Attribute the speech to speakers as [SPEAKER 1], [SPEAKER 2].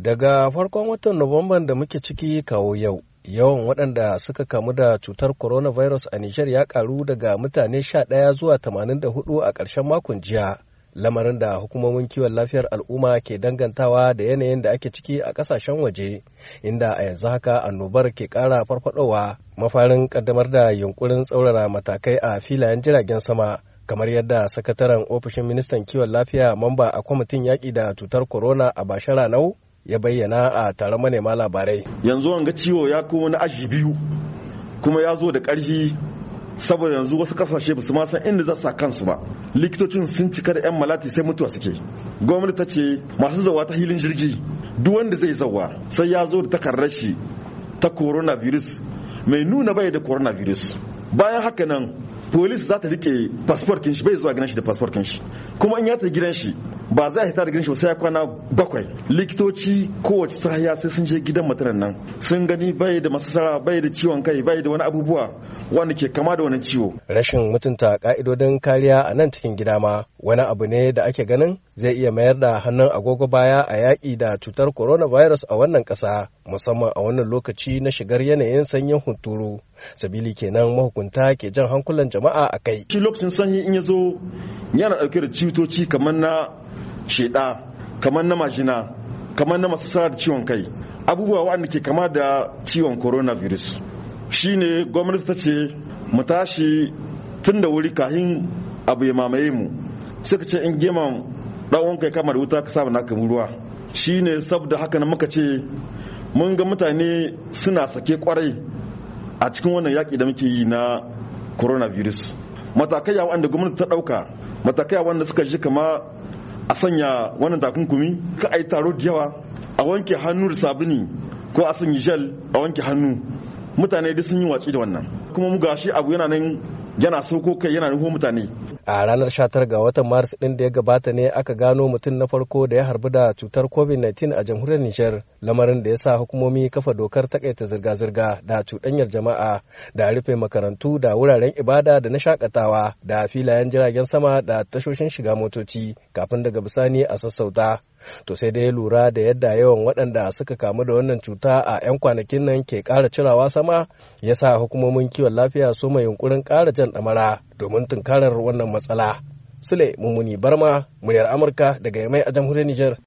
[SPEAKER 1] Daga farkon watan Nuwamban da muke ciki kawo yau, yawan waɗanda suka kamu da cutar coronavirus a Nijar ya ƙaru daga mutane sha ɗaya zuwa tamanin da hudu a ƙarshen makon jiya. Lamarin da hukumomin kiwon lafiyar al'umma ke dangantawa da yanayin da ake ciki a ƙasashen waje, inda a yanzu haka annobar ke ƙara farfadowa mafarin ƙaddamar da yunkurin tsaurara matakai a filayen jiragen sama. kamar yadda sakataren ofishin ministan kiwon lafiya mamba a kwamitin yaƙi da cutar corona a bashara nau ya bayyana a taron manema labarai
[SPEAKER 2] yanzu an ga ciwo ya kuma na aji biyu kuma ya zo da ƙarfi saboda yanzu wasu kasashe ba su ma san inda za su sa kansu ba likitocin sun cika da 'yan malati sai mutuwa suke gwamnati ta ce masu zawa ta hilin jirgi duk wanda zai zawa sai ya zo da takardar shi ta coronavirus mai nuna bai da coronavirus bayan haka nan polis za ta rike fasfarkin shi bai zuwa gidan shi da fasfarkin shi kuma in ya ta gidan shi ba za a hita daga shi sai kwana bakwai likitoci kowace sahiya sai sun je gidan mutanen nan sun gani bai da masasara bai da ciwon kai bai da wani abubuwa wanda ke kama da wani ciwo
[SPEAKER 1] rashin mutunta ka'idodin kariya a nan cikin gida ma wani abu ne da ake ganin zai iya mayar da hannun agogo baya a yaƙi da cutar coronavirus a wannan ƙasa musamman a wannan lokaci na shigar yanayin sanyin hunturu
[SPEAKER 2] sabili kenan mahukunta ke jan hankulan jama'a a kai shi lokacin sanyi in ya zo yana ɗauke da cutoci kamar na sheda kamar na majina kamar na masu da ciwon kai abubuwa waɗanda ke kama da ciwon coronavirus shine gwamnati ta ce mu tashi tun da wuri kahin abu ya mamaye mu suka ce in geman ɗan kai kamar wuta ka samu naka ruwa shine saboda haka na muka ce mun ga mutane suna sake kwarai a cikin wannan yaƙi da muke yi na coronavirus matakai wanda gwamnati ta ɗauka matakai wanda suka ji kama a sanya wannan takunkumi ka a yi taro da yawa a wanke hannu da sabuni ko a sanya gel a wanke hannu mutane duk sun yi watsi da wannan kuma mu gashi abu yana nan yana sauko kai yana nufo mutane
[SPEAKER 1] a ranar 19 ga watan maris ɗin da ya gabata ne aka gano mutum na farko da ya harbu da cutar covid-19 a jamhuriyar nijar lamarin da ya sa hukumomi kafa dokar takaita zirga-zirga da cuɗanyar jama'a da rufe makarantu da wuraren ibada da na shakatawa da filayen jiragen sama da tashoshin shiga motoci kafin daga bisani a sassauta to sai dai lura da yadda yawan waɗanda suka kamu da wannan cuta a 'yan kwanakin nan ke ƙara cirawa sama ya sa hukumomin kiwon lafiya su mai yunkurin ƙara jan ɗamara domin tunkarar wannan matsala sule mummuni barma muryar amurka daga yamai a jamhuriyar niger